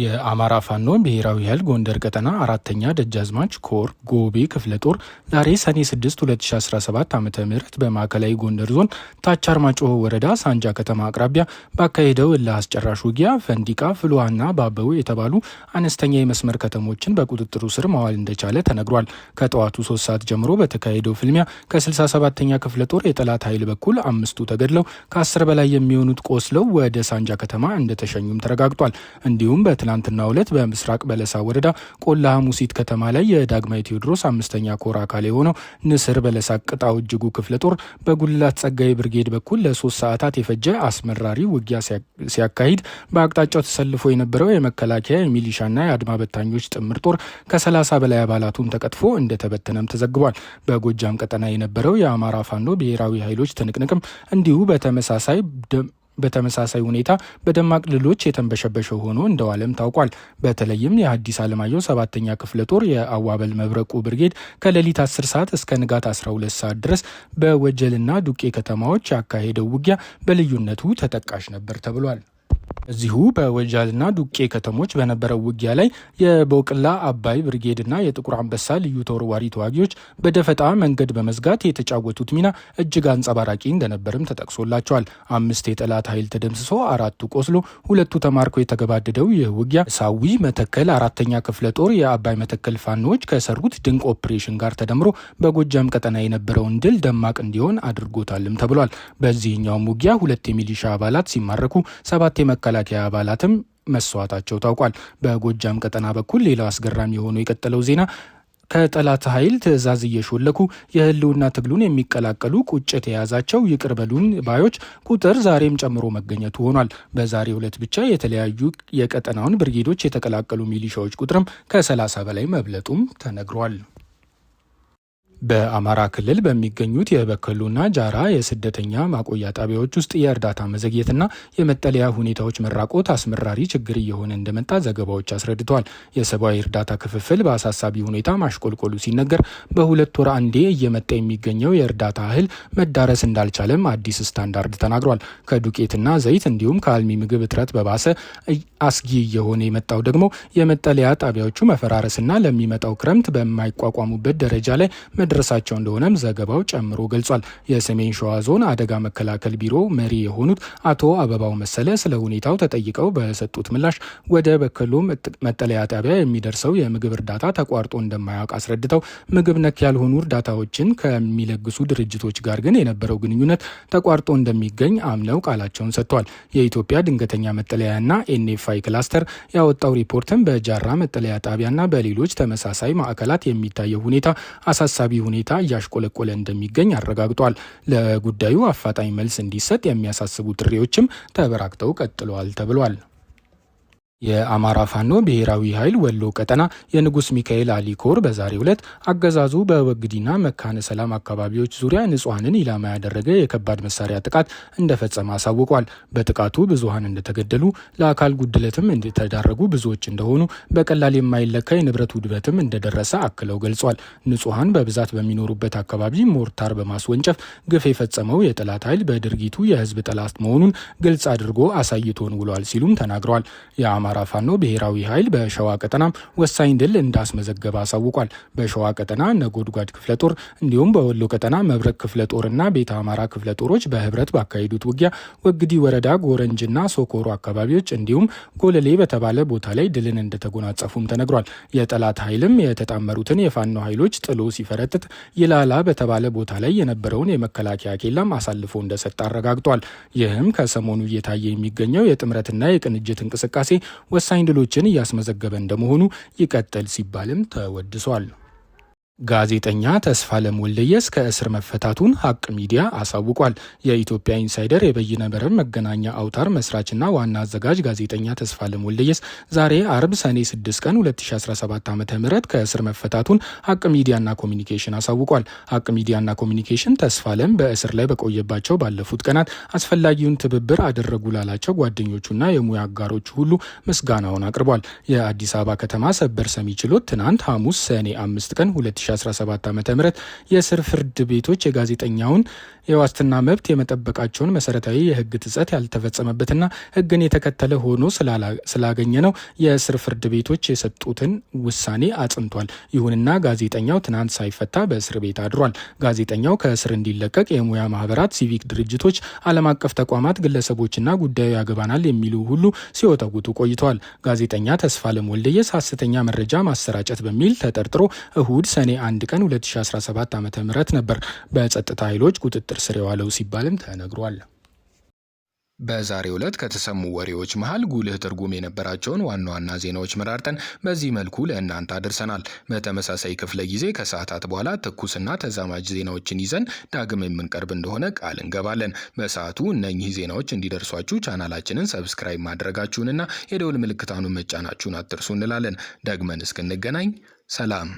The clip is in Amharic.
የአማራ ፋኖ ብሔራዊ ኃይል ጎንደር ቀጠና አራተኛ ደጃዝማች ኮር ጎቤ ክፍለ ጦር ዛሬ ሰኔ 6 2017 ዓ ም በማዕከላዊ ጎንደር ዞን ታች አርማጭሆ ወረዳ ሳንጃ ከተማ አቅራቢያ ባካሄደው እልህ አስጨራሽ ውጊያ ፈንዲቃ፣ ፍሉሃና ባበው የተባሉ አነስተኛ የመስመር ከተሞችን በቁጥጥሩ ስር ማዋል እንደቻለ ተነግሯል። ከጠዋቱ 3 ሰዓት ጀምሮ በተካሄደው ፍልሚያ ከ67ኛ ክፍለ ጦር የጠላት ኃይል በኩል አምስቱ ተገድለው ከ10 በላይ የሚሆኑት ቆስለው ወደ ሳንጃ ከተማ እንደተሸኙም ተረጋግጧል። እንዲሁም በትላንትናው ዕለት በምስራቅ በለሳ ወረዳ ቆላ ሙሲት ከተማ ላይ የዳግማዊ ቴዎድሮስ አምስተኛ ኮር አካል የሆነው ንስር በለሳ ቅጣው እጅጉ ክፍለ ጦር በጉልላት ጸጋይ ብርጌድ በኩል ለሶስት ሰዓታት የፈጀ አስመራሪ ውጊያ ሲያካሂድ በአቅጣጫው ተሰልፎ የነበረው የመከላከያ የሚሊሻና የአድማ በታኞች ጥምር ጦር ከ30 በላይ አባላቱን ተቀጥፎ እንደተበተነም ተዘግቧል። በጎጃም ቀጠና የነበረው የአማራ ፋኖ ብሔራዊ ኃይሎች ትንቅንቅም እንዲሁ በተመሳሳይ በተመሳሳይ ሁኔታ በደማቅ ድሎች የተንበሸበሸ ሆኖ እንደዋለም ታውቋል። በተለይም የሐዲስ ዓለማየሁ ሰባተኛ ክፍለ ጦር የአዋበል መብረቁ ብርጌድ ከሌሊት 10 ሰዓት እስከ ንጋት 12 ሰዓት ድረስ በወጀልና ዱቄ ከተማዎች ያካሄደው ውጊያ በልዩነቱ ተጠቃሽ ነበር ተብሏል። እዚሁ በወጃልና ዱቄ ከተሞች በነበረው ውጊያ ላይ የቦቅላ አባይ ብርጌድና የጥቁር አንበሳ ልዩ ተወርዋሪ ተዋጊዎች በደፈጣ መንገድ በመዝጋት የተጫወቱት ሚና እጅግ አንጸባራቂ እንደነበርም ተጠቅሶላቸዋል። አምስት የጠላት ኃይል ተደምስሶ አራቱ ቆስሎ ሁለቱ ተማርኮ የተገባደደው ይህ ውጊያ ሳዊ መተከል አራተኛ ክፍለ ጦር የአባይ መተከል ፋኖዎች ከሰሩት ድንቅ ኦፕሬሽን ጋር ተደምሮ በጎጃም ቀጠና የነበረውን ድል ደማቅ እንዲሆን አድርጎታልም ተብሏል። በዚህኛውም ውጊያ ሁለት የሚሊሻ አባላት ሲማረኩ ሰባት መከላከያ አባላትም መስዋዕታቸው ታውቋል። በጎጃም ቀጠና በኩል ሌላው አስገራሚ የሆኑ የቀጠለው ዜና ከጠላት ኃይል ትዕዛዝ እየሾለኩ የህልውና ትግሉን የሚቀላቀሉ ቁጭት የያዛቸው ይቅር በሉን ባዮች ቁጥር ዛሬም ጨምሮ መገኘቱ ሆኗል። በዛሬ ሁለት ብቻ የተለያዩ የቀጠናውን ብርጌዶች የተቀላቀሉ ሚሊሻዎች ቁጥርም ከ30 በላይ መብለጡም ተነግሯል። በአማራ ክልል በሚገኙት የበከሉና ጃራ የስደተኛ ማቆያ ጣቢያዎች ውስጥ የእርዳታ መዘግየትና የመጠለያ ሁኔታዎች መራቆት አስመራሪ ችግር እየሆነ እንደመጣ ዘገባዎች አስረድተዋል። የሰብአዊ እርዳታ ክፍፍል በአሳሳቢ ሁኔታ ማሽቆልቆሉ ሲነገር በሁለት ወር አንዴ እየመጣ የሚገኘው የእርዳታ እህል መዳረስ እንዳልቻለም አዲስ ስታንዳርድ ተናግሯል። ከዱቄትና ዘይት እንዲሁም ከአልሚ ምግብ እጥረት በባሰ አስጊ እየሆነ የመጣው ደግሞ የመጠለያ ጣቢያዎቹ መፈራረስና ለሚመጣው ክረምት በማይቋቋሙበት ደረጃ ላይ መድረሳቸው እንደሆነም ዘገባው ጨምሮ ገልጿል። የሰሜን ሸዋ ዞን አደጋ መከላከል ቢሮ መሪ የሆኑት አቶ አበባው መሰለ ስለ ሁኔታው ተጠይቀው በሰጡት ምላሽ ወደ በከሎ መጠለያ ጣቢያ የሚደርሰው የምግብ እርዳታ ተቋርጦ እንደማያውቅ አስረድተው ምግብ ነክ ያልሆኑ እርዳታዎችን ከሚለግሱ ድርጅቶች ጋር ግን የነበረው ግንኙነት ተቋርጦ እንደሚገኝ አምነው ቃላቸውን ሰጥተዋል። የኢትዮጵያ ድንገተኛ መጠለያና ኤንኤፍአይ ክላስተር ያወጣው ሪፖርትም በጃራ መጠለያ ጣቢያና በሌሎች ተመሳሳይ ማዕከላት የሚታየው ሁኔታ አሳሳቢ ሁኔታ እያሽቆለቆለ እንደሚገኝ አረጋግጧል። ለጉዳዩ አፋጣኝ መልስ እንዲሰጥ የሚያሳስቡ ጥሪዎችም ተበራክተው ቀጥለዋል ተብሏል። የአማራ ፋኖ ብሔራዊ ኃይል ወሎ ቀጠና የንጉስ ሚካኤል አሊ ኮር በዛሬው ዕለት አገዛዙ በወግዲና መካነ ሰላም አካባቢዎች ዙሪያ ንጹሐንን ኢላማ ያደረገ የከባድ መሳሪያ ጥቃት እንደፈጸመ አሳውቋል። በጥቃቱ ብዙሀን እንደተገደሉ፣ ለአካል ጉድለትም እንደተዳረጉ ብዙዎች እንደሆኑ፣ በቀላል የማይለካ የንብረት ውድበትም እንደደረሰ አክለው ገልጿል። ንጹሐን በብዛት በሚኖሩበት አካባቢ ሞርታር በማስወንጨፍ ግፍ የፈጸመው የጠላት ኃይል በድርጊቱ የህዝብ ጠላት መሆኑን ግልጽ አድርጎ አሳይቶን ውሏል ሲሉም ተናግረዋል። የአማራ ፋኖ ብሔራዊ ኃይል በሸዋ ቀጠና ወሳኝ ድል እንዳስመዘገበ አሳውቋል። በሸዋ ቀጠና ነጎድጓድ ክፍለ ጦር እንዲሁም በወሎ ቀጠና መብረቅ ክፍለ ጦርና ቤተ አማራ ክፍለ ጦሮች በህብረት ባካሄዱት ውጊያ ወግዲ ወረዳ ጎረንጅና ሶኮሮ አካባቢዎች እንዲሁም ጎለሌ በተባለ ቦታ ላይ ድልን እንደተጎናጸፉም ተነግሯል። የጠላት ኃይልም የተጣመሩትን የፋኖ ኃይሎች ጥሎ ሲፈረጥጥ ይላላ በተባለ ቦታ ላይ የነበረውን የመከላከያ ኬላም አሳልፎ እንደሰጠ አረጋግጧል። ይህም ከሰሞኑ እየታየ የሚገኘው የጥምረትና የቅንጅት እንቅስቃሴ ወሳኝ ድሎችን እያስመዘገበ እንደመሆኑ ይቀጥል ሲባልም ተወድሷል። ጋዜጠኛ ተስፋለም ወልደየስ ከእስር መፈታቱን ሀቅ ሚዲያ አሳውቋል። የኢትዮጵያ ኢንሳይደር የበይነ መረብ መገናኛ አውታር መስራችና ዋና አዘጋጅ ጋዜጠኛ ተስፋለም ወልደየስ ዛሬ አርብ ሰኔ 6 ቀን 2017 ዓ ም ከእስር መፈታቱን ሀቅ ሚዲያና ኮሚኒኬሽን አሳውቋል። ሀቅ ሚዲያና ኮሚኒኬሽን ተስፋለም በእስር ላይ በቆየባቸው ባለፉት ቀናት አስፈላጊውን ትብብር አደረጉ ላላቸው ጓደኞቹና የሙያ አጋሮቹ ሁሉ ምስጋናውን አቅርቧል። የአዲስ አበባ ከተማ ሰበር ሰሚ ችሎት ትናንት ሐሙስ ሰኔ 5 ቀን 2017 ዓ ም የስር ፍርድ ቤቶች የጋዜጠኛውን የዋስትና መብት የመጠበቃቸውን መሰረታዊ የህግ ጥሰት ያልተፈጸመበትና ህግን የተከተለ ሆኖ ስላገኘ ነው የስር ፍርድ ቤቶች የሰጡትን ውሳኔ አጽንቷል። ይሁንና ጋዜጠኛው ትናንት ሳይፈታ በእስር ቤት አድሯል። ጋዜጠኛው ከእስር እንዲለቀቅ የሙያ ማህበራት፣ ሲቪክ ድርጅቶች፣ ዓለም አቀፍ ተቋማት፣ ግለሰቦችና ጉዳዩ ያገባናል የሚሉ ሁሉ ሲወተውቱ ቆይተዋል። ጋዜጠኛ ተስፋለም ወልደየስ ሐሰተኛ መረጃ ማሰራጨት በሚል ተጠርጥሮ እሁድ ሰኔ ሰኔ አንድ ቀን 2017 ዓ ም ነበር በጸጥታ ኃይሎች ቁጥጥር ስር የዋለው ሲባልም ተነግሯል። በዛሬ ዕለት ከተሰሙ ወሬዎች መሃል ጉልህ ትርጉም የነበራቸውን ዋና ዋና ዜናዎች መራርጠን በዚህ መልኩ ለእናንተ አድርሰናል። በተመሳሳይ ክፍለ ጊዜ ከሰዓታት በኋላ ትኩስና ተዛማጅ ዜናዎችን ይዘን ዳግም የምንቀርብ እንደሆነ ቃል እንገባለን። በሰዓቱ እነኚህ ዜናዎች እንዲደርሷችሁ ቻናላችንን ሰብስክራይብ ማድረጋችሁንና የደውል ምልክታኑን መጫናችሁን አትርሱ እንላለን። ደግመን እስክንገናኝ ሰላም።